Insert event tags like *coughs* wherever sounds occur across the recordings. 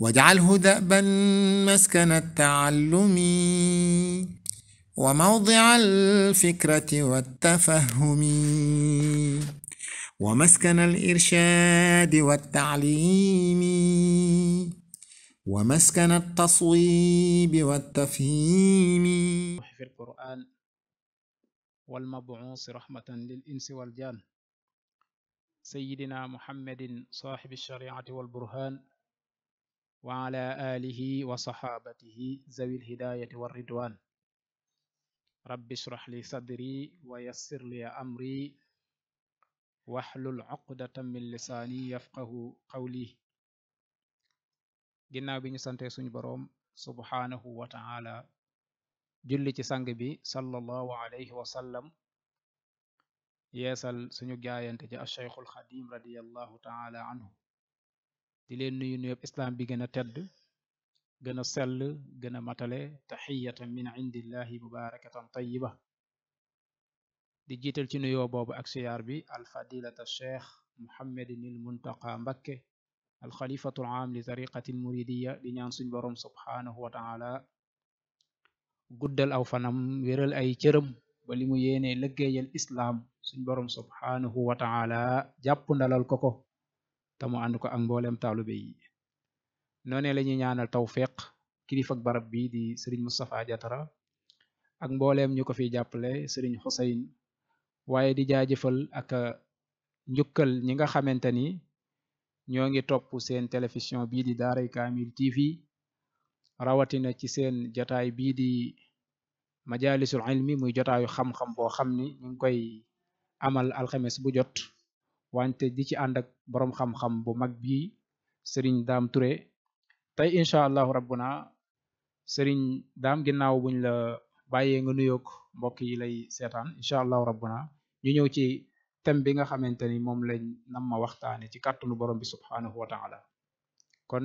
واجعله دأبا مسكن التعلم وموضع الفكرة والتفهم ومسكن الإرشاد والتعليم ومسكن التصويب والتفهيم في القرآن والمبعوث رحمة للإنس والجان سيدنا محمد صاحب الشريعة والبرهان wa ala alihi wa saxaabatihi zawil hidaayati war ridwaan rabbi shrah li sadri wa yassir li amri waxlul uqdatan min lisaani yafqahu qawli ginnaaw bi ñu sante suñu boroom subhaanahu wa ta'ala julli ci sang bi sallallahu alayhi wa sallam yeesal suñu jaayante ci ashaykhul xadim radiyallahu ta'ala anhu di leen nuyu nuyoob islam bi gën a tedd gën a sell gën a matale taxiyatan min indillahi mubarakatan tayiba di jiital ci nuyoo boobu ak siyaar bi alfadilata cheikh mohammadin il muntaqa mbakke alxalifatul am li tariqati almuridiya di ñaan suñ borom subhaanahu wa taala guddal aw fanam wéral ay cërëm ba li mu yéene lëggéeyal islaam suñ borom subhaanahu wa taala jàpp ndalal ko ko tamu mu ànd ko ak mbooleem taalube yi noonee la ñuy ñaanal tawféq kilifa barab bi di sëriñ Moustapha Diatara ak mbooleem ñu ko fiy jàppale sëriñ Xuseyn waaye di jaajëfal ak njukkal ñi nga xamante ni ñoo ngi topp seen télévision bii di Daaray Kaamil TV rawatina ci seen jotaay bii di majalisul ilmi muy jotaayu xam-xam boo xam ni ñu ngi koy amal alxames bu jot wante di ci ànd ak boroom xam-xam bu mag bii sëriñ daam Touré tey incha allahu rabbuna sëriñ daam ginnaaw buñ la bàyyee nga nuyoog mbokk yi lay seetaan incha allahu rabbuna ñu ñëw ci thème bi nga xamante ni moom lañ nam ma waxtaane ci kàttanu borom bi subhaanahu wa taala kon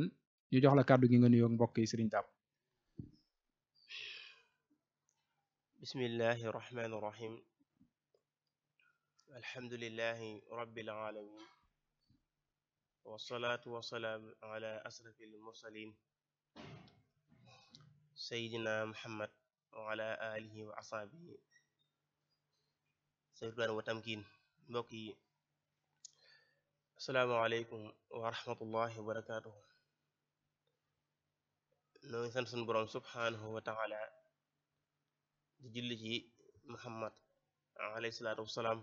ñu jox la kàddu gi nga nuyoog mbokk yi sëriñ daam bismillahi alhamdulillahi rabbil alamin wasalaatu wasalaam ala asrafil mursalin sayidina muhammad wa ala alihi wa asaabihi sayidina wa tamkin mbokk yi asalaamaaleykum wa rahmatullahi wa barakatuhu noo ngi sant sunu boroom subhaanahu wa taala di julli ci muhammad alayhi salaatu wasalaam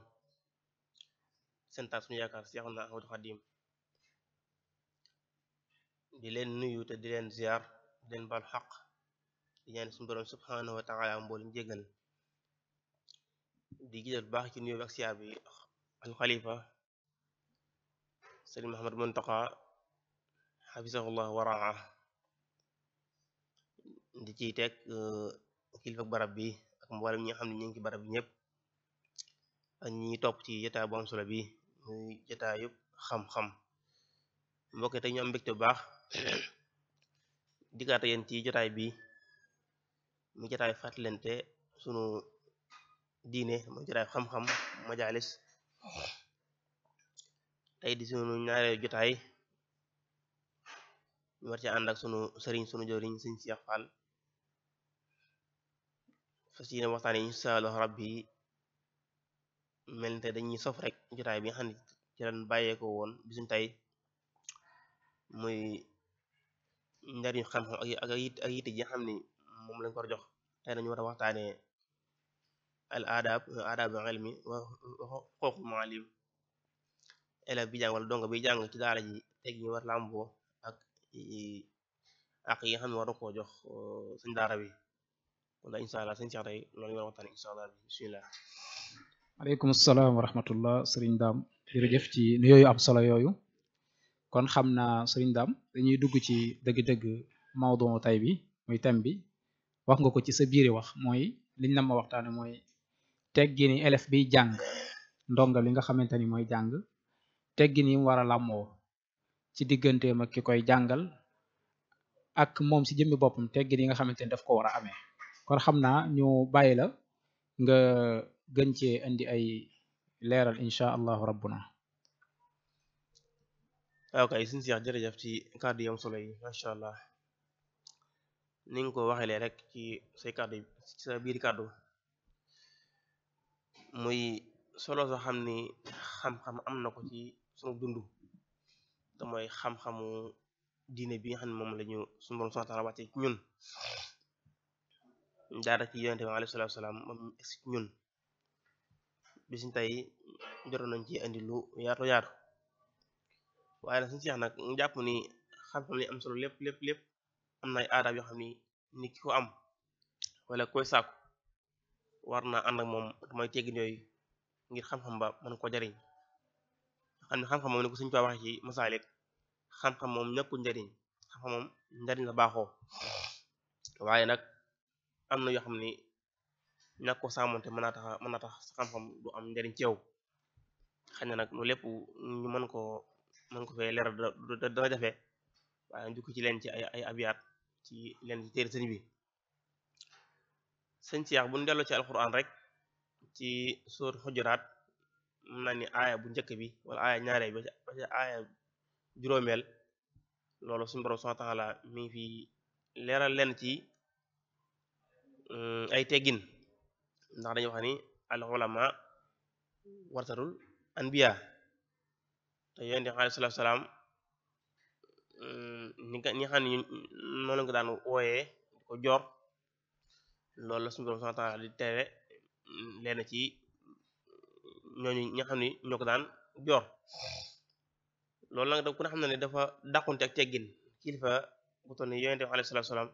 seen taal suñu yaakaar Seexuna Ahmadu Xadim di leen nuyu te di leen ziar di leen baal xaq di ñaan suñu borom subhanahu wa taala mboolum jégal di gisal baax ci nuyu ak siyaar bi alxalifa sëriñ Muhammad Muntaqa xafisahullah waraa di ciy teg uh, kilifa barab bi ak mboolem ñi xam ne ñu ngi barab bi ñëpp ak ngi topp ci yetaa bu solo bi muy jataayu xam-xam mbokk te ñu am mbégte bu baax *coughs* dikkaate yéen ci jotaay bi mu jotaay fàttalente sunu diine mu jotaay xam-xam majalis tey di sunu ñaareelu jotaay ñu war ci ànd ak sunu sëriñ sunu joriñ sëñ Cheikh Fall fas yéene waxtaan insha Allah rabbi mel ni tey dañuy sof rek jotaay bi nga xam ne ci lan woon bisuñ tey muy njariñu xam-xam ak ak yitte ni moom lañ ko war a jox tey dañu war a waxtaane al adab adabu ilmi wa xuquuqul muallim élève bi jàng wala donga bi jàng ci daara ji teg ñu war làmboo ak ak yi xam ne war na koo jox uh, suñ daara bi kon insha allah suñ seex tey war a waxtaane insha allah bismillah aleykum salaam wa rahmatullah sëriñ daam jërëjëf ci nuyooyu am solo yooyu kon xam naa sëriñ daam dañuy dugg ci dëgg-dëgg mawdu tay bi muy thème bi wax nga ko ci sa biiri wax mooy liñ na ma waxtaane mooy teggini élève bi jàng ndonga li nga xamante ni mooy jàng teggin yi mu war a làmmoo ci digganteem ak ki koy jàngal ak moom si jëmmi boppam teggin yi nga xamante ni daf ko war a amee kon xam naa ñu bàyyi la nga gën cee indi ay leeral incha allahu rabbuna waaw kay suñu seex jërëjëf ci kàddu yi solo yi macha allah ni nga ko waxeelee rek ci say kàddu ci sa biir kàddu muy solo soo xam ni xam-xam am na ko ci sunu dundu te mooy xam-xamu diine bi nga xam ne moom la ñu sunu borom subhanahu ci ñun daara ci yonente bi alayhi salaam moom ci ñun bisiñ tey jotoon nañ ci indi lu yaatu yaatu waaye nag suñu seex nag ñu jàpp ni xam-xam ni am solo lépp lépp lépp am na ay aadaab yoo xam ni nit ki ko am wala koy sàkku war naa ànd moom mooy teggin yooyu ngir xam-xam ba mën ko jariñ xam ne xam moom ne ko suñ ko waxee ci masaalik xam-xam moom ñàkkul njariñ xam-xam moom njariñ la baaxoo waaye nag am na yoo xam ni ñàkk ko sàmmonte mën naa tax mën a tax sa xam du am njariñ ci yow xëy na nag lu lépp ñu mën ko mën ko fee leeral ci leen ci ay ay abiyaat ci leen ci téere ci yaax bu ci alxuraan mën naa ni bu njëkk bi wala aaya ñaare bi mi ngi fi leeral leen ci mm, ay teggin ndax dañuy wax ni al ulama wartatul anbiya te yonent bi alayhi salaatu salaam ñi eh, nga ñi noonu nga daan wooyee ko joor loolu la suñu borom subhaanahu wa taala ci ñooñu ñoo ko daan joor loolu nag da ku ne na ne dafa dàqunte ak teggin kilifa bu toll ni yonent bi salaam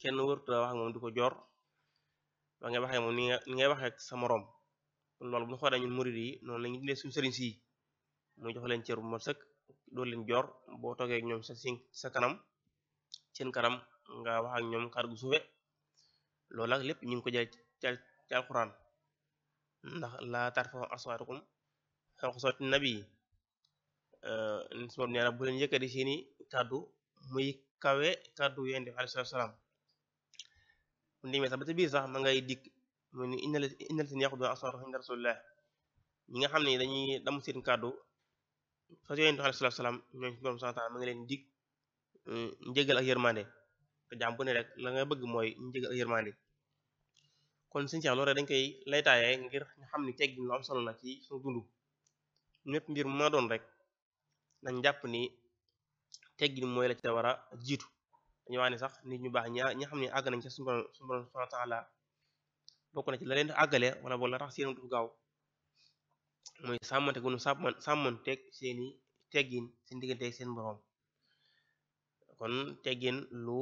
kenn wërtu wax ak moom ko joor ba ngay waxee moom ni nga ni ngay waxee sa moroom loolu mu ñu xoolee ñun murid yi noonu la ñuy dundee suñu sëriñ si muy jox leen cër bu ma sëkk doo leen joor boo toogee ñoom sa sin sa kanam seen kanam nga wax ak ñoom kàddu gu suufe loolu ak lépp ñu ngi ko jël ca ca ndax laa tarfa aswaatukum fawqa sawti nabi su moom nee na bu leen di seeni kàddu muy kawe kàddu yéen def alayhi salaam demee sax ba ci biir sax ma ngay dikk mu ni innal seen yàqu doon aswaatahum inda rasulillah ñi nga xam ne dañuy dam seen kàddu fas yonent alayhi salaatu ma ngi leen dig mm, njëgal ak yërmande ne rek la nga bëgg mooy njëgal ak sëñ Cheikh dañ koy laytaayee ngir xam ni teggin lu am solo la ci suñu dund ñépp mbir ma doon rek dañ jàpp ni teggin mooy la ca war a jiitu dañu wax ne sax nit ñu baax ñaa ña xam ne àgg nañ ca suñu borom suñu borom subhanahu wa ci la leen àggale wala boog la tax seen du gaaw mooy teg gunu sàmman seen i teggin seen digganteeg seen borom kon teggin lu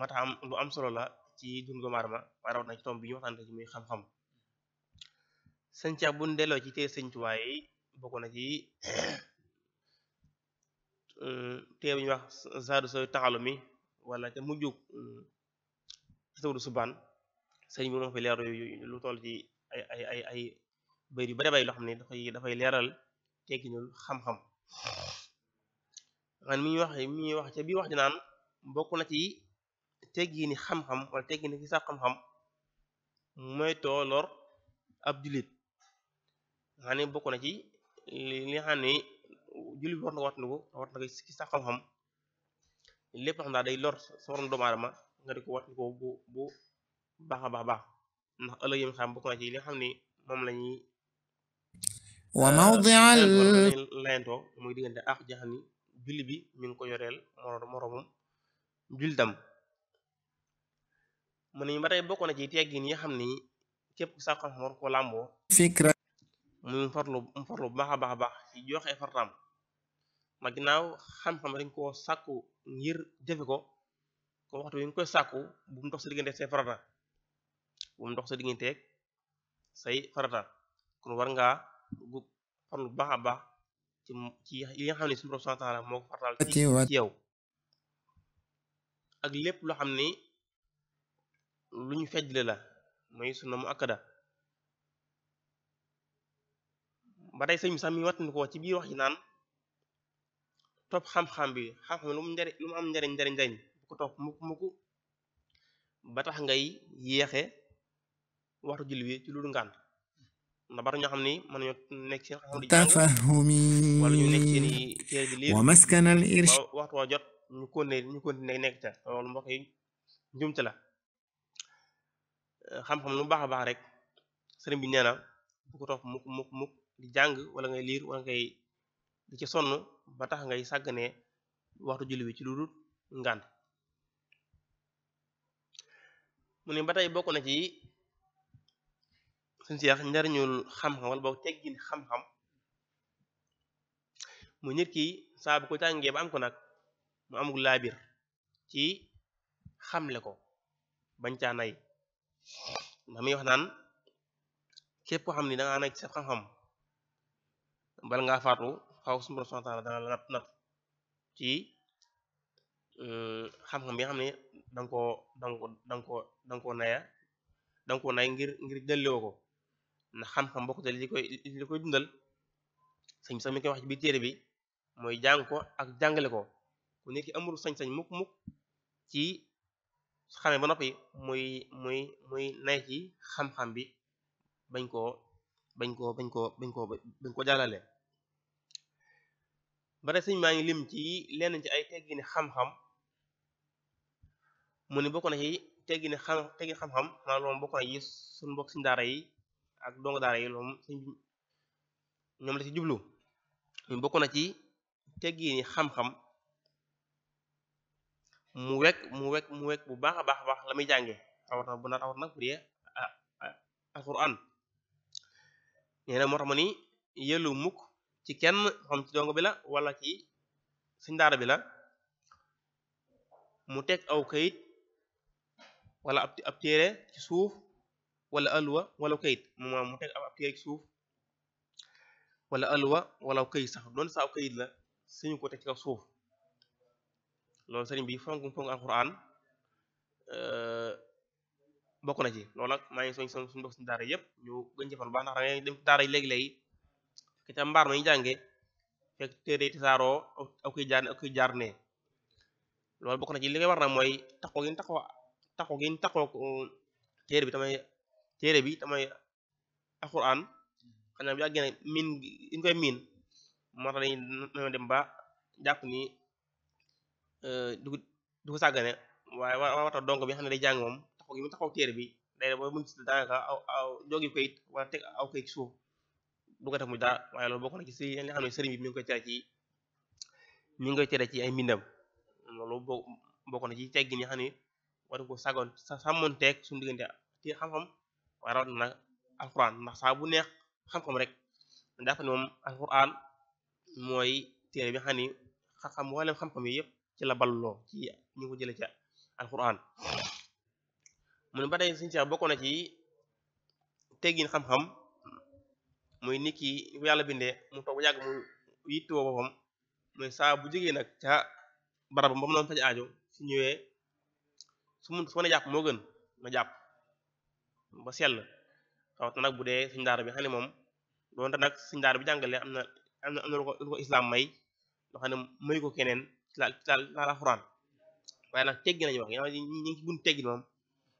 mat am lu am solo la ci dund doomu aadama waaye na ci tomb bi ñu waxtaan ci muy xam-xam sënca bu delloo ci téere Sëñ Tuubaa yi bokk na ci *clears throat* euh, téere bu ñuy wala ca mujjug mm, tasawudu subaan sëriñ bi moo fi leer lu toll ci ay ay ay ay bayit yu bari xam ne dafay leeral tekkinul xam-xam mu mi ñuy wax mu ñuy wax ca bii wax ji naan bokk na ci teggini xam-xam wala teggini ci sax xam-xam ab jullit nga ne bokk na ci li nga xam ne jullit war na ko wattandiku war na ko ci xam-xam lépp xam daal day lor sa waroon doomu nga di ko wax ko bu baax a baax baax ndax ëllëg yi xam bokk na ci li nga xam ni moom la ñuy wa euh, mawdi'al layantoo muy diggante ak jaxam ni julli bi mi ngi ko yoreel moo juldam mu ni ba tey bokk na ci teggin yi xam ni képp ku sàkkoon war ko làmboo mu farlu bu baax a baax baax ci joxe fartaam ma ginnaaw xam-xam dañ koo sàkku ngir defe ko kon waxtu bi nga koy sàkku bu mu dox sa digganteeg say farata bu mu dox sa digganteeg say farata kon war nga gu farlu baax a baax ci ci li na xam ne suñu borom subhanahu moo ko farataal ci yow ak lépp loo xam ni lu ñu fejle la mooy sunna mu akkada ba tey sëñ bi sax mi wattandikoo ci biir wax naan topp xam-xam bi xam-xam lu mu njariñ lu mu am njariñ njariñ bu ko topp mukk mukk ba tax ngay yéexe waxtu julli wi ci lu dul ngànt xam ni mën nañu nekk seen xam di jàng wala ñu i téere di lire la eh, xam-xam lu baax baax rek sëriñ bi nee bu ko topp mukk mukk mukk di jàng wala ngay lire wala ngay di ci sonn ba tax ngay sàgganee waxtu julli ci lu dul ngànt mu ne ba tey bokk na ci suñ seex njariñul xam-xam wala boog teggin xam-xam mu nit ki saa bu ko jàngee ba am ko nag mu amul laabir ci xamle ko bañ caa nay ndax mi wax naan képp koo xam ni da ngaa nekk ci sa xam-xam bala ngaa faatu faw suñu borom subhanahu wa taala ci euh, xam-xam nga xam ne da nga koo da nga ko da nga ngir ngir ko ndax xam-xam bokk te li koy li koy dundal sëñ sax mi koy wax bi biir téere bi mooy jàng ko ak jàngale ko ku nekk amul sañ-sañ mukk-mukk ci xamee ba noppi muy muy muy nay ci xam-xam bi bañ ko bañ ko bañ ko bañ koo bañ koo jàllale ba tey sëñ maa ngi lim ci lenn ci ay teggini xam-xam mu ne bokk na ci teggini xam teggini xam-xam maanaam loolu bokk na ci suñ bokk suñ daara yi ak dongo daara yi loolu ñoom la ci jublu mu bokk na ci teggini xam-xam mu wekk mu wekk mu wekk bu baax a baax a baax la mi jànge rawat na bu na rawat nag bu dee ah, ah, alquran nee moo tax ma ni yellu mukk ci kenn xam ci dongo bi la wala ci suñ daara bi la mu teg aw kayit wala ab ab ci suuf wala alwa wala kayit mu maam mu teg ab téere ci suuf wala kayit sax doon sa aw kayit la suñu ko teg ci kaw suuf loolu sëriñ bi fonk fonk euh, na ci loolu nag maa ngi soñ soñ suñu bokk daara yëpp ñu gën jëfal baax ndax da ngay dem daara yi léegi-léegi fekk mbaar ma ñu jànge fekk téere tasaaroo aw kiy jaar ne aw bokk na ci li koy war na mooy taxoo gi taxoo taxoo gi taxoo téere bi tamay téere bi tamay alxuraan xanaa bu yàggee nag miin ñu koy miin moo tax dañuy dem ba jàpp ni euh, du du ko sàggane waaye wa wata donc bi xam ne day jàng moom taxaw gi mu taxaw téere bi day ba mun si daanaka aw aw jógi ko it wala teg aw koy ci du ko def mu dara waaye loolu bokk na ci si li nga xam ne sëriñ bi ngi koy tere ci ay mbindam loolu bo bokk na ci teggin yi xam ne war ko sagoon sa sàmmoon teeg suñu diggante ci xam-xam waaye rawat na ndax saa bu neex xam-xam rek dafa ne moom alquran mooy téere bi xam ni xam-xam wàllum xam-xam yi yëpp ci la balloo ci ñu ko jëlee ca alquran mun ba tey suñu bokk na ci teggin xam-xam muy nit ki bu yàlla bindee mu toog yàgg mu yittewoo boppam muy saa bu jógee nag ca barab ba mu doon faj aajo su ñëwee su mu su mën jàpp moo gën ma jàpp ba sell xawat nag bu dee suñ daara bi xam moom doonte nag suñ daara bi jàngale am na am na am na lu ko may loo xam ne mayu ko keneen ci laal ci laal laal alxuraan waaye nag teggi nañu wax yaa ñi ngi ci bunt teggin moom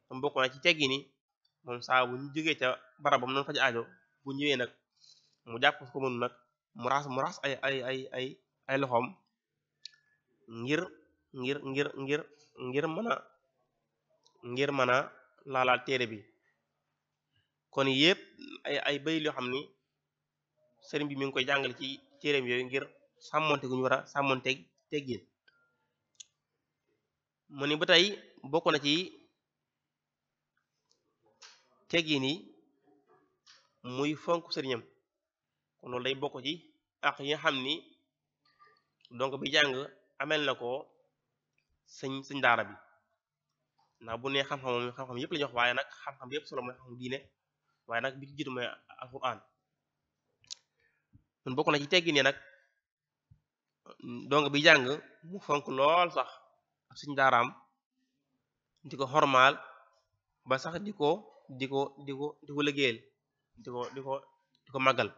moom bokk ci teggi moom saa bu ñu ca barabam noonu faj aajo bu ñëwee nag mu jàpp ko mënu nag mu raas mu raas ay ay ay loxoom ngir ngir ngir ngir ngir mën a ngir mën a laalaal téere bi kon yépp ay ay bayil yoo xam ni sëriñ bi mi ngi koy jàngale ci téereem yooyu ngir sàmmonte gu ñu war a sàmmonteeg teggin mu ni ba tey bokk na ci teggin yi muy fonk sëriñam loolu day bokk ci ak yi nga xam ni donc bi jàng amel na ko sëñ sëñ daara bi naa bu nee xam-xam moom xam-xam yëpp la jox waaye nag xam-xam yëpp solo mooy xam-xam diine waaye nag bi ci jiitu mooy alquran mun bokk na ci teggi ne nag donc bi jàng mu fonk lool sax ak sëñ daaraam di ko xormaal ba sax di ko di ko di ko di ko ko màggal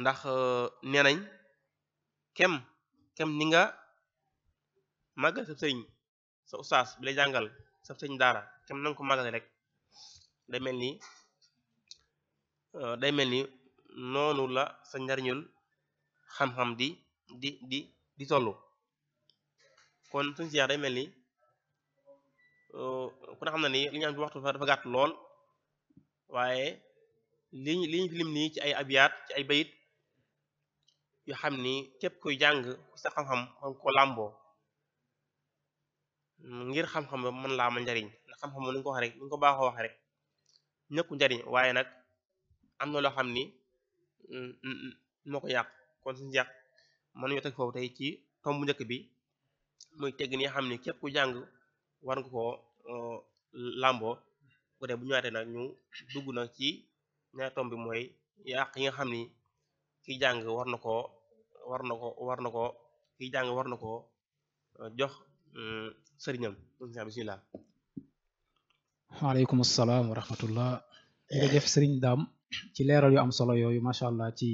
ndax euh, nee nañ kem kem ni nga màggal sa sëñ sa ustaas bi la jàngal sa sëñ daara kem nanga ko màggale rek day mel ni euh, day mel ni noonu la sa njariñul xam-xam di di di di tollu kon suñ si day mel ni euh, ku na xam na ni li ñu am ci waxtu dafa gàtt lool waaye li ñu li ñu fi lim ci ay abiyaat ci ay bayit yu xam ni képp kuy jàng ku sa xam-xam man ko làmboo ngir xam-xam ba mën laa amal njariñ ndax xam-xam ni ko wax rek ni ko baaxoo wax rek ñëkku njariñ waaye nag am na loo xam ni mm, mm, mm, moo ko yàq kon suñu yàq mën nañoo teg foofu tey ci tomb bu bi muy tegg ni xam ni képp ku jàng war nga koo làmboo bu dee bu ñëwaatee nag ñu dugg na ci ñaar tomb bi mooy yàq yi nga xam ni kiy jàng war na koo war na ko war na koo kiy war na koo euh, jox euh, sëriñam bismillah waaleykum salaam wa sëriñ eh. daam ci leeral yu am solo yooyu macha allah ci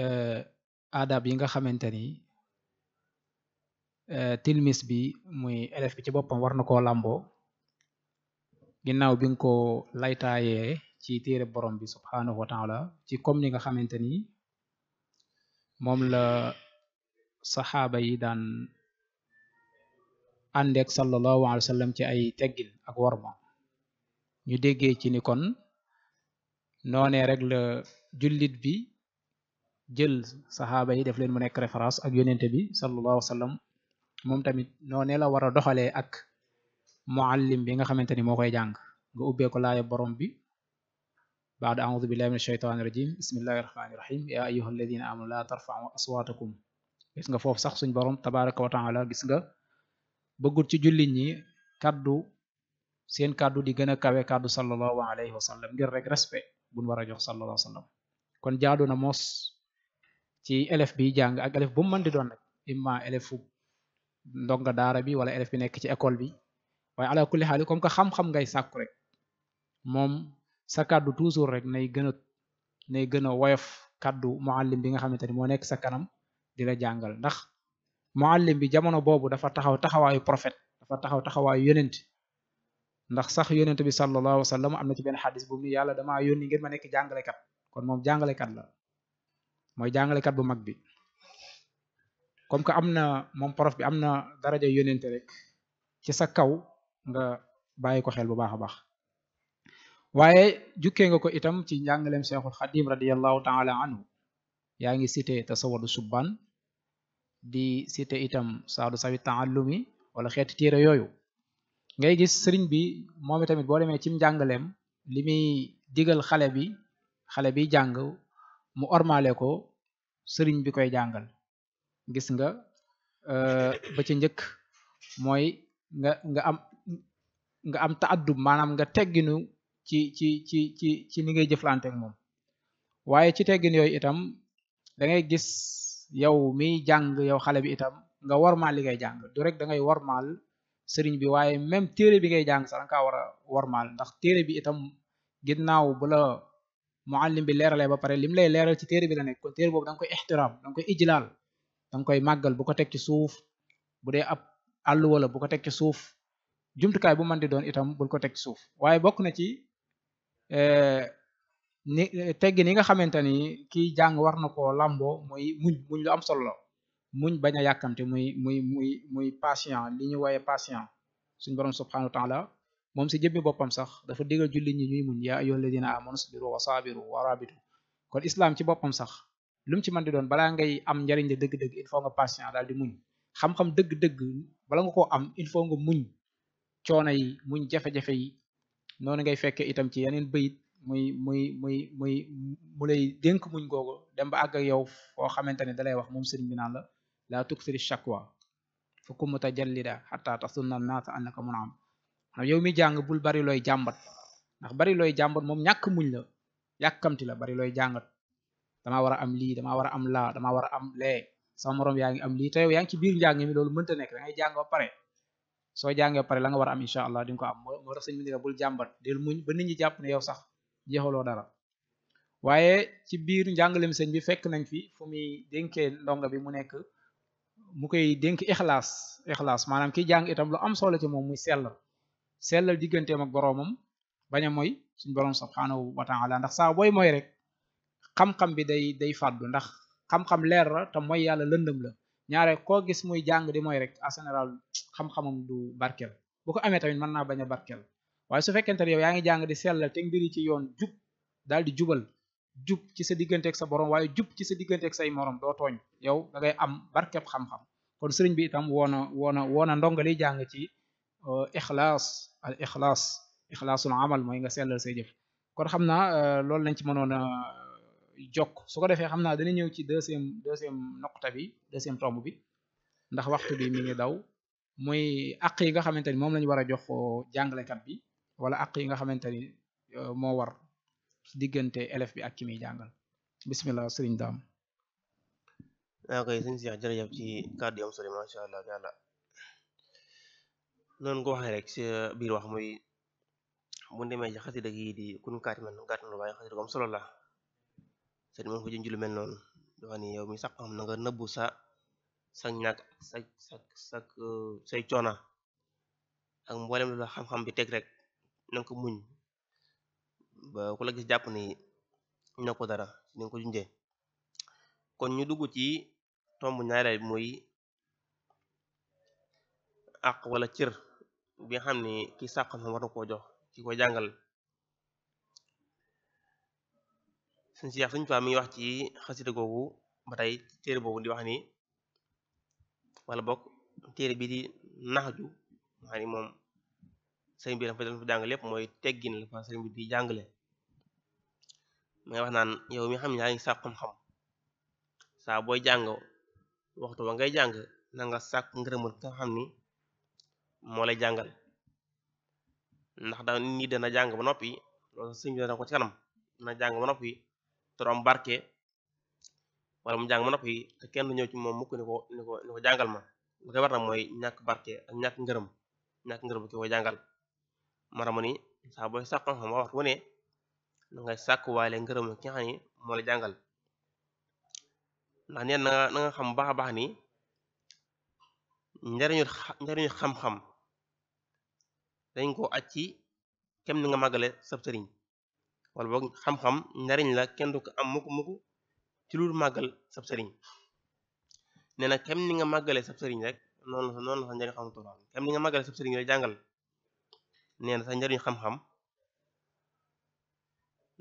euh, adab yi nga xamante ni tilmis bi muy élève bi ci boppam war na koo làmboo ginnaaw bi ko laytaayee ci téere borom bi subhanahu wa taala ci comme ni nga xamante ni moom la saxaaba yi daan àndeek sallallahu alayhi wa sallam ci ay teggin ak worma ñu déggee ci ni kon noonee rek la bi jël saxaaba yi def leen mu nekk référence ak yonente bi sallallahu alayhi wa sallam moom tamit noonee la war a doxalee ak muallim bi nga xamante ni moo koy jàng nga ubbee ko borom bi بعد أعوذ بالله من الشيطان الرجيم بسم الله الرحمن الرحيم يا أيها الذين آمنوا لا ترفعوا أصواتكم gis nga foofu sax suñ borom tabaraka wa taala gis nga bëggul ci jullit ñi kàddu seen kaddu di gën a kawe kàddu sallallahu alayhi wa sallam ngir rek respect buñ war a jox sallallahu alayhi wa kon jaadu na moos ci élève bi jàng ak élève bo mu mën di doon nag imma élève fu daara bi wala élève bi nekk ci école bi waaye ala kulli xaali comme xam-xam ngay sàkku sa kàddu toujours rek nay gën a nay gën a woyof kàddu muallim bi nga xamante ni moo nekk sa kanam di jàngal ndax muallim bi jamono boobu dafa taxaw taxawaayu prophète dafa taxaw taxawaayu yonent ndax sax yonent bi sallallahu alayhi wa sallam am na ci benn xadis bu mu ni yàlla damaa yónni ngir ma nekk jàngalekat kon moom jàngalekat la mooy jàngalekat bu mag bi comme que am na moom prof bi am na daraja yonent rek ci sa kaw nga bàyyi ko xel bu baax a baax waaye jukkee nga ko itam ci njàngaleem seexul xadim radiallahu taala anhu yaa ngi cité tasawadu subban di cité itam saadu sawi taallumi wala xeeti téere yooyu ngay gis sëriñ bi moom tamit boo demee ci njàngaleem li muy digal xale bi xale bi jàng mu ormale ko sëriñ bi koy jàngal gis nga euh, ba ci njëkk mooy nga am nga am taaddub maanaam nga tegginu ci ci ci ci ci ni ngay jëflante moom waaye ci teggin yooyu itam da ngay gis yow miy jàng yow xale bi itam nga wormaal li ngay jàng du da ngay maal sëriñ bi waaye même téere bi ngay jàng sax da nga kaa war a ndax téere bi itam ginnaaw bu la muallim bi leeralee ba pare lim lay leeral ci téere bi la nekk kon téere boobu da nga koy ixtiraam da nga koy ijlaal koy màggal bu ko teg ci suuf bu dee ab àll wala bu ko teg ci suuf jumtukaay bu mën di doon itam bul ko teg ci suuf waaye bokk na ci Eh, ni eh, teggin yi nga xamante ni kiy jàng war na koo làmboo muy muñ muñ lu am solo muñ bañ a yàkkamte muy muy muy muy patient li ñu wooye patient suñ borom subhanahu wa la moom si jëmmi boppam sax dafa digal jullit ñi ñuy muñ yaa ayyuhal ladina amanu sabiru wa sabiru wa rabitu kon islam ci boppam sax lu mu ci mën di doon balaa ngay am njariñ de dëgg-dëgg il faut nga patient daal di muñ xam-xam dëgg-dëgg bala nga koo am il faut nga muñ coono yi muñ jafe-jafe yi noonu ngay fekkee itam ci yeneen bayit muy muy muy muy mu lay dénk muñ googu dem ba àgg ak yow foo xamante ne dalay wax moom sëriñ bi naan la laa tuksiri shakwa fa kum mutajallida xataa na naasa annaka mun am xam yow mi jàng bul bari looy jàmbat ndax bari looy jàmbat moom ñàkk muñ la yàkkamti la bari looy jàngat damaa war am lii damaa war am laa damaa war am lee sama morom yaa ngi am lii te yow ci biir njàng mi loolu mënta nekk da ngay jàng ba soo jàngee pare la nga war a am incha allah di nga ko am moo moo tax sëñ bi bul jàmbat del muñ ba nit ñi jàpp ne yow sax jeexaloo dara waaye ci biir njàngalem sëñ bi fekk nañ fi fo muy dénkee ndongo bi mu nekk mu koy dénk ixlaas ixlaas maanaam kiy jàng lu am solo ci moom muy sellal sellal digganteem ak boroomam bañ a mooy suñ boroom subhanahu wa taala ndax saa booy mooy rek xam-xam bi day day fàddu ndax xam-xam leer ra te mooy yàlla lëndëm la ñaare koo gis muy jàng di mooy rek en général xam-xamam du barkeel bu ko amee tamit mën naa bañ a barkeel waaye su fekkente ne yow yaa ngi jàng di sellal te mbiri ci yoon jub daal di jubal jub ci sa digganteeg sa boroom waaye jub ci sa digganteeg say morom doo tooñ yow da ngay am barkeb xam-xam kon sëriñ bi itam woona woona woona ndongali jàng ci euh, ixlaas al ixlaas ixlaasul amal mooy nga sellal say jëf kon xam naa euh, loolu lañ ci jokk su ko defee xam naa dana ñëw ci deuxième deuxième noqta bi deuxième tomb bi ndax waxtu bi mi ngi daw mooy àq yi nga xamante ni moom la ñu war a jox euh, jàngalekat bi wala àq yi nga xamante ni euh, moo war ci diggante élève bi ak ki muy jàngal bismillah sëriñ daam ah, waaw kay sëñ Cheikh jërëjëf ci kàddu yi am solo macha allah yàlla noonu ko waxee rek ci euh, biir wax muy bu demee ci xasida gi di kun kaatiman gàttan lu bàyyi xasida ko am solo la sëñ moom fa junj lu mel noonu di wax ni yow mi sax am na nga nëbbu sa sa ñàkk sa sak sa say coona ak mboolem lu la xam-xam bi teg rek na ko muñ ba ku la gis jàpp ni na ko dara si ni nga ko kon ñu dugg ci tomb ñaareel moy àq wala cër bi nga xam ni ki sàq xam war na koo jox ki ko jàngal si Seex suñ Tuubaa mi ngi wax ci xasida googu ba tey téere boobu di wax ni wala bokk téere bi di naxju maa ni moom sëñ bi dafa dafa lépp mooy teggin la fa jàngale ma wax naan yow mi xam ne yaa ngi saa booy jàng waxtu ba ngay jàng na nga sàkk ngërëmal nga xam ni moo lay jàngal ndax da nit dana jàng ba noppi loolu sëñ bi ko ci kanam dana jàng ba noppi te doom barke wala mu jàng ma noppi te kenn du ñëw ci moom mukk ni ko ni ko jàngal ma lu koy war mooy ñàkk barke ak ñàkk ngërëm ñàkk ngërëm ki koy jàngal mara mu ni saa booy sàkk xam waa waxtu wu ne ngay sàkk waale ngërëm ki nga ni moo jàngal ndax neen na nga xam baax baax ni njariñu njariñu xam-xam dañ ko aj ci kem nga màggale sab sëriñ wala boog xam-xam njariñ la kenn du ko am mukk mukk ci lu màggal sab sëriñ nee na kem ni nga màggalee sab sëriñ rek noonu la noonu xam tolloon kem nga màggalee sab sëriñ rek jàngal nee na sa njariñ xam-xam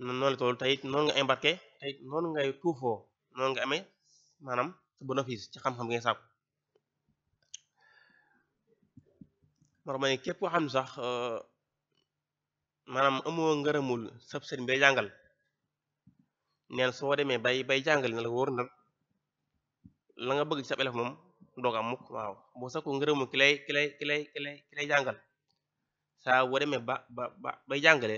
noonu la toll tey noonu nga embarqué tey noonu ngay tuufoo noonu nga ame maanaam sa bénéfice ci xam-xam ngay sàkku moro ma ne képp koo sax euh, maanaam amoo ngërëmul sab sëriñ bay jàngal neen soo demee bay bay jàngal na la woor na la nga bëgg ci sab élève moom doog am waaw boo sakku ngërëmul ki lay ki lay jàngal saa boo demee ba ba ba bay jàngale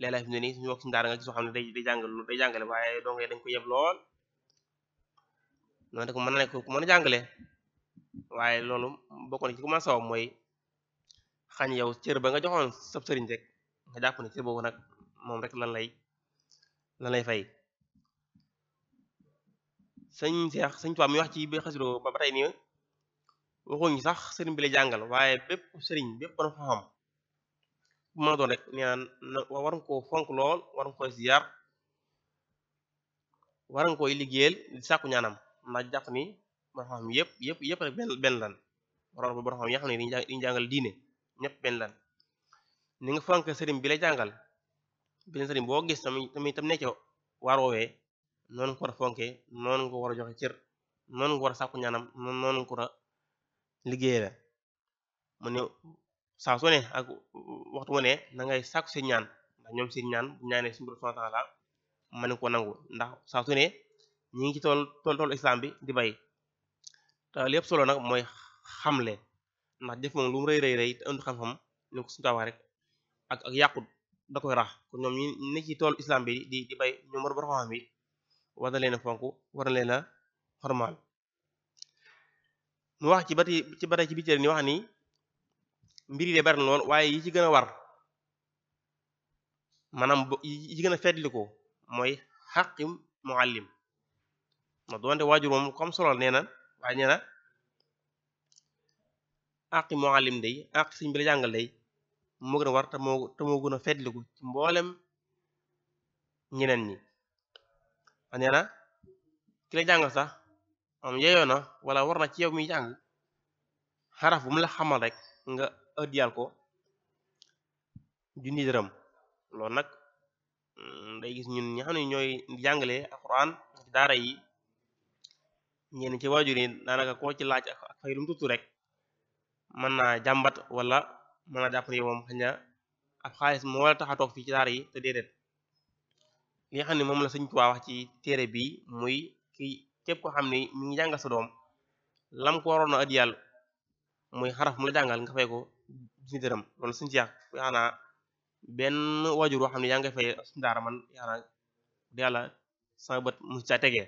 léeg-léeg fi mu ne nii wax suñu daara nga gis soo xam ne day day jàngal day jàngale waaye dong dañ ko yeb lool noonu rek mën na ne ko mën a jàngale waaye loolu bokk na ci ku ma mooy xañ yow cër ba nga joxoon sab sëriñ rek nga jàpp ne cër boobu nag moom rek lan lay lan lay fay sëñ seex sëñ tubaab mi wax ci bi xasiroo ba ba tey waxuñ sax sëriñ bi lay jàngal waaye bépp sëriñ bépp borom xam-xam bu mën a doon rek nee naa war koo fonk lool war nga koy ziar liggéeyal di sàkku ñaanam ndax jàpp ni borom xam-xam yëpp yëpp yëpp rek benn benn lan borom borom xam yi nga xam ne dañuy jàngal diine ñëpp benn lan ni nga fonk sëriñ bi la jàngal benn sëriñ boo gis tamit tamit tam nekk waar noonu nga ko war a ko war a joxe cër noonu nga war a sàkku ñaanam noonu nga ko war liggéey la mu ne saa ak waxtu wu ne na ngay ñaan ndax ñoom seen ñaan bu ñaanee suñu borom subhanahu wa nangu ndax saa su ñi ngi ci tool tool bi di bay te lépp solo nag mooy xamle ndax jëf moom lu mu rëy rëy rëy te ënd xam-xam ni ko rek ak ak yàqut da koy rax kon ñoom ñi ne ci toolu bi di di bay ñoom war borom xam-xam bi war na leen a fonk war na leen a wax ci ba ci ba ci biir ni wax ni mbir yi de bari lool waaye yi ci gën a war maanaam yi ci gën a fetli ko mooy xaqim muallim ma doonte waajur moom comme solo nee waaye nee àqi muallim day àq sëñ bi la jàngal day moo gën a war te moo te moo gën a mboolem ñeneen ñi a nee na sax am yeyoo wala war na ci yow mi jàng xaraf mu la xamal rek nga ëddiyal ko junni dërëm loolu nag mm, day gis ñun ñi xam ne ñooy jàngale alxuraan ci daara yi ñeen ci waajur yi daanaka koo ci laaj ak fay lu mu rek mën naa jàmbat walla mën naa jàpp ne moom xëy na xaalis moo war tax a toog fii ci daara yi te déedéet li nga xam ne moom la Sëñ Tuubaa wax ci téere bi muy ki képp ko xam ne mi ngi jàngal sa doom lam ko waroon a ëddi yàlla muy xaraf mu la jàngal nga fay ko suñu dërëm loolu suñu ci yàq benn waajur woo xam ne yaa ngi fay suñu daara man yaakaar naa yàlla sama bët mu ca tegee.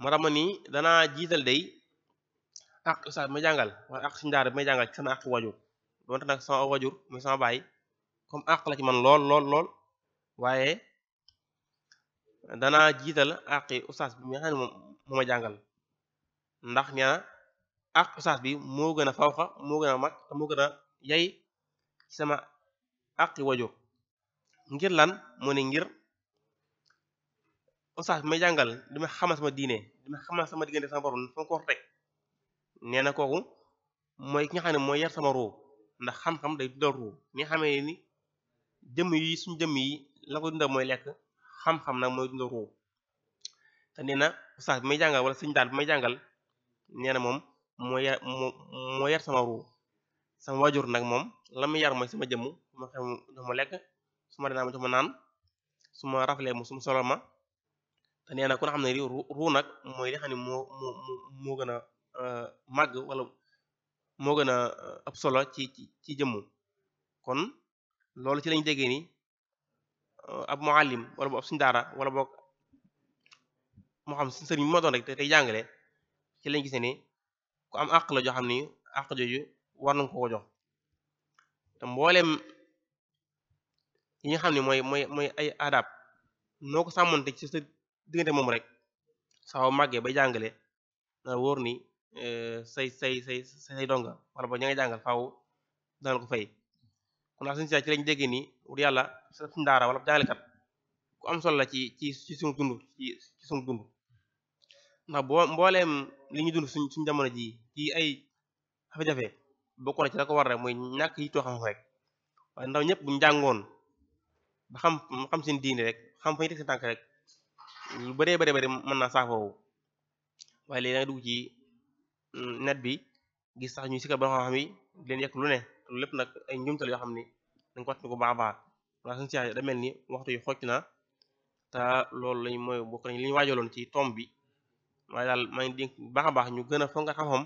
moo tax ma ni danaa jiital day ak ustaas ma jàngal wala ak suñu daara bi may jàngal ci sama ak wajur donte nag sama wajur muy sama baay comme ak la ci man lool lool lool waaye danaa jiital ak ustaas bi nga xam ne moom moo ma jàngal ndax nee bi moo gën a fawxa moo gën a mag te moo gën a yay ci sama ak wajur ngir lan mu ne ngir ustaas bi may jàngal dama xamal sama diine dama xamal sama diggante sama borom fa ma ko nee na kooku mooy ki nga xam ne mooy yar sama ruu ndax xam-xam day dundal ruu ni xamee ni jëmm yi suñ jëmm yi la ko dundal mooy lekk xam-xam nag mooy dundal ruu na sax may jàngal wala sëñ daal bi may na moom moo yar moo yar sama ruu nag moom la yar mooy sama jëmm ma xam jox lekk su ma dinaa ma jox ma naan su raflee mu su te nee na ku xam ne ruu nag mooy li xam moo moo moo gën a Euh, màgg wala moo gën a euh, ab solo ci ci jëmm kon loolu ci lañ déggee ni euh, ab muallim wala boog ab suñ daara wala boog moo xam suñ sëriñ bi moo doon rek tey jàngale ci lañ gisee ni ku am àq la joo ni àq jooju war nañ ko ko te mbooleem yi nga xam ne mooy mooy mooy ay adab noo ko sàmmonte ci sa diggante moom rek saxaw màggee bay jàngale na wóor ni Eh, say say say say donga wala boo ña nga jàngal faaw dana ko fay kon naa suñu saa ci lañ dégg ni yàlla suñu daara wala ku am solo la ci ci ci suñu dund ci ci suñu dund ndax mbooleem li ñu dund suñ suñu jamono ji ci ay jafe-jafe bokk na ci la ko war rek mooy ñàkk yi too xam rek waaye ndaw ñëpp buñ jàngoon ba xam xam seen diine rek xam fa ñu teg seen tànk rek lu bëree bëri bëri mën naa saafoowu waaye léegi dugg ci Mm, net bi gis sax ñuy sikkal ba nga xam ne leen yekk lu ne lu lépp nag ay njumtal yoo xam ni da nga ko waxtu ko baax a baax da mel ni waxtu yu xocc na ta loolu lañ mooy bokk nañ li ñu waajaloon ci tomb bi waaye daal may di baax a baax ñu gën a fonkaat xam-xam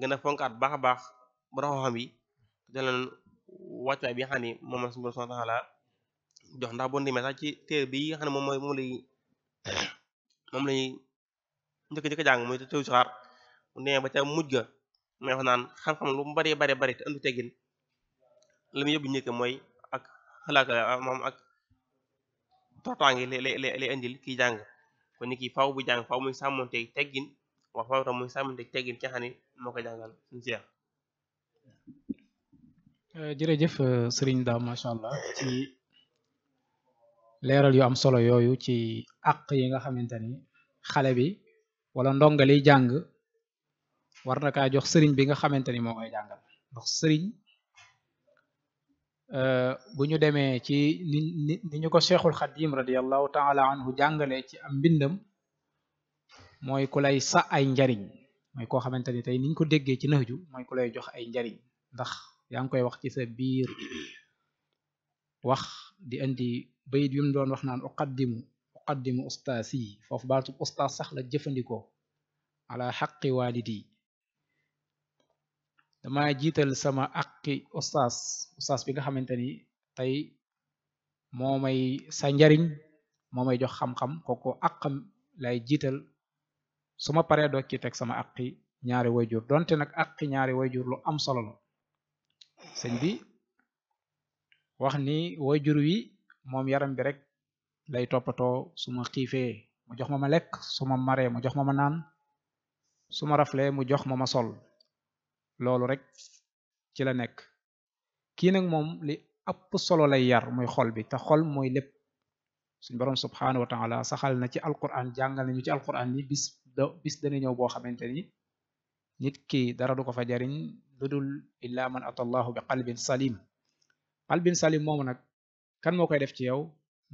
gën a fonkat baax a baax borom bi xam yi te leen wàccuwaay bi nga xam ne moom la suñu borom subhanahu wa ta'ala jox ndax boo ndimee sax ci téere bi nga xam ne moom mooy moom moom lañuy njëkk njëkk jàng mooy teew si xaar nee ba ca mujj ga may wax naan xam-xam lu mu bari bari bari te andu teggin la mu yóbbu ñëkk mooy ak xalaaka moom ak tortaangi la ngi lay indil kiy jàng kon ni kii faaw bu jàng faaw muy sàmmonte teggin wax faaw tam muy sàmmonte teggin ci xam moo ko jàngal suñu euh, seex jërëjëf euh, sëriñ Daw macha allah ci leeral yu am solo yooyu ci àq yi nga xamante ni xale bi wala ndongali jàng war na jox sëriñ bi nga xamante ni moo koy jàngal ndax sëriñ euh, bu ñu demee ci ni ni ko cheikhul xadim radiallahu taala anhu jàngale ci am mbindam mooy ku lay sa ay njariñ mooy koo xamante ni tey niñ ko déggee ci naxju mooy ku lay jox ay njariñ ndax yaa ngi koy wax ci sa biir wax di indi bayit yum doon wax naan uqaddimu uqaddimu ustaas yi foofu baatub ustaas sax la jëfandikoo ala xaqi waalidi dama jiital sama aqi ustaas ustaas bi nga xamante ni tey moo may sa njariñ moo may jox xam-xam kooku aqam lay jiital su ma paree doog ci teg sama aqi ñaari wayjur donte nag aqi ñaari wayjur lu am solo la sëñ bi wax ni jur wi moom yaram bi rek lay toppatoo su ma xiifee mu jox ma ma lekk su ma maree mu jox ma ma naan su ma raflee mu jox ma ma sol loolu rek ci la nekk kii nag moom li ëpp solo lay yar muy xol bi ta xol mooy lépp suñ borom subhaanahu wa taala saxal na ci alquran jàngal nañu ci alquran ni bis da bis dana ñëw boo xamante ni nit ki dara du ko fa jariñ lu dul illaa man atallahu bi qalbin salim qalbin salim moomu nag kan moo koy def ci yow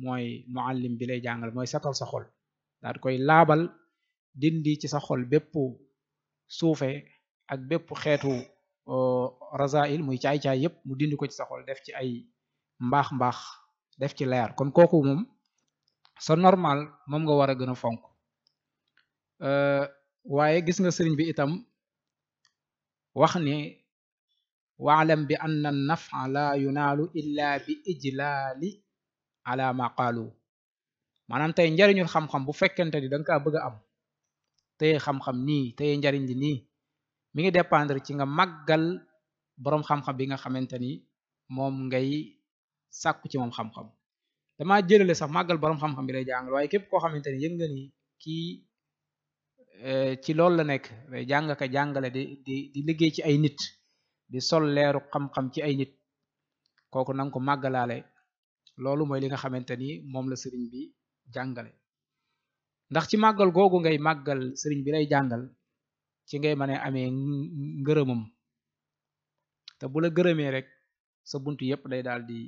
mooy muallim bi lay jàngal mooy setal sa xol daal koy laabal dindi ci sa xol bépp suufe ak bépp xeetu razail muy caay-caay yëpp mu dindi ko ci sa def ci ay mbaax-mbaax def ci leer kon kooku moom sa normal moom nga war a gën a fonk waaye gis nga sëriñ bi itam wax ni waalam bi anna nafa la yunaalu illa bi ijlaali ala ma qaalu maanaam tey njariñul xam-xam bu fekkente ni danga kaa bëgg a am tey xam-xam nii tey njariñ li nii mi ngi dépendre ci nga màggal boroom xam-xam bi nga xamante ni moom ngay sàkku ci moom xam-xam damaa jëlale sax màggal boroom xam-xam bi lay jàngal waaye képp koo xamante ni yëg nga ni kii eh, ci loolu la nekk day jàngale di di liggéey ci ay nit di sol leeru xam-xam ci ay nit kooku nanga ko màggalaale loolu mooy li nga xamante ni moom la sëriñ bi jàngale ndax ci màggal googu ngay màggal sëriñ bi lay jàngal ci ngay mën a amee te bu la gërëmee rek sa bunt yëpp day daal di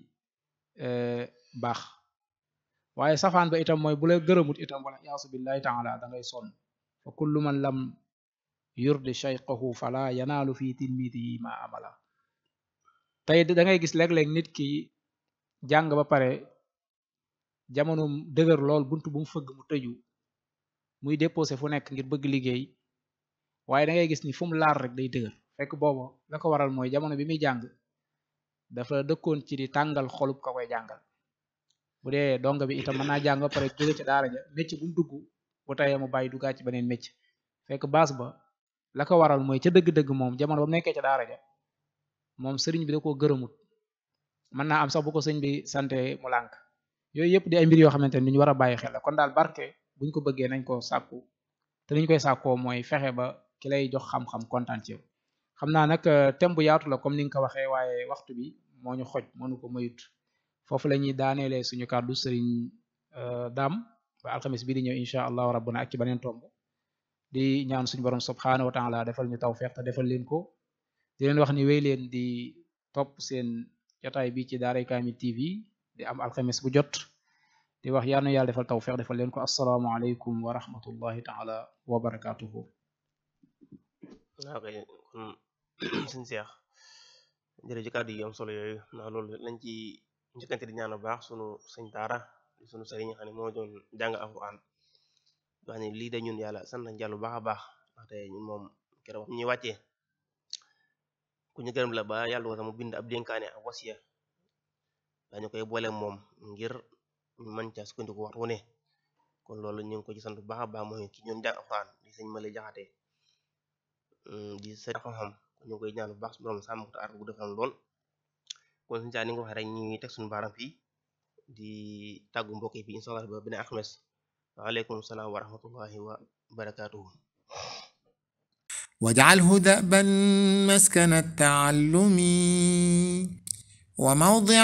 e, baax waaye safaan ba itam mooy bu la gërëmut itam wala yaasu billahi taala dangay soon sonn fa kullu man lam yurdi shayqahu fala yanaalu fii tilmidi yi ma amala tey da ngay gis léeg-léeg nit ki jàng ba pare jamono dëgër lool bunt bu mu fëgg mu tëju muy déposé fu nekk ngir bëgg liggéey waaye da ngay gis ni fu mu laar rek day dëgër fekk boobu la ko waral mooy jamono bi muy jàng dafa dëkkoon ci di tàngal xolub ka koy jàngal bu dee donga bi itam mën naa jàng ba pare jóge dugg bu tayee mu bàyyi duggaat ci beneen mécc fekk baas ba la ko waral mooy ca dëgg-dëgg moom jamono ba mu daara ja moom sëriñ bi da koo gërëmut mën naa am sax bu ko sëñ bi sante mu lànk yooyu yëpp de ay mbir yoo xamante ne ñu war a bàyyi xel kon daal barke buñ ko bëggee nañ ko sàkku te niñ koy sàkkoo mooy fexe ba ki lay jox xam-xam kontaan ci xam naa nag euh, thème bu yaatu la comme ni nga ko waxee waaye waxtu bi moo ñu xoj mënu ko mayut foofu la ñuy daaneelee suñu kàddu sëriñ euh, daam ba alxamis bi di ñëw incha allahu rabbuna ak ci beneen tomb di ñaan suñu borom subhaanahu wa taala defal ñu tawfiq te defal leen ko di leen wax ni wéy leen di topp seen jotaay bi ci daaray kaamil tv di am alxamis bu jot di wax yal na yàlla defal tawfiq defal leen ko assalaamu aleykum wa rahmatullahi taala wa barakatuhu waaw kay suñ seex jërëjëf ci kàddu yi am solo yooyu ndax loolu lañ ci njëkkante di ñaan bu baax sunu sëñ daara di sunu sëriñ xam ne moo doon jàng lii de ñun yàlla sant nañ jàll bu baax a baax ndaxte ñun moom keroog ñuy wàccee ku ñu gërëm la ba yàlla wasa mu bind ab dénkaane ak wasiya dañu koy boole moom ngir ñu mën caa sukkandiku waxtu wu ne kon loolu ñu ngi ko ci sant baax a baax mooy ki ñun jàng alxuraan di sëñ Malick Jaxate Euh, di seet xam-xam ñu ko ñaan bu baax su borom sàmm ko aar bu defam lool kon suñu saa ni nga waxee rek ngi teg suñu baaram fii di tàggu mbokk yi fii incha allah ba beneen alxames waaleykum salaam wa rahmatullahi wa barakaatuhu واجعله دأبا مسكن التعلم وموضع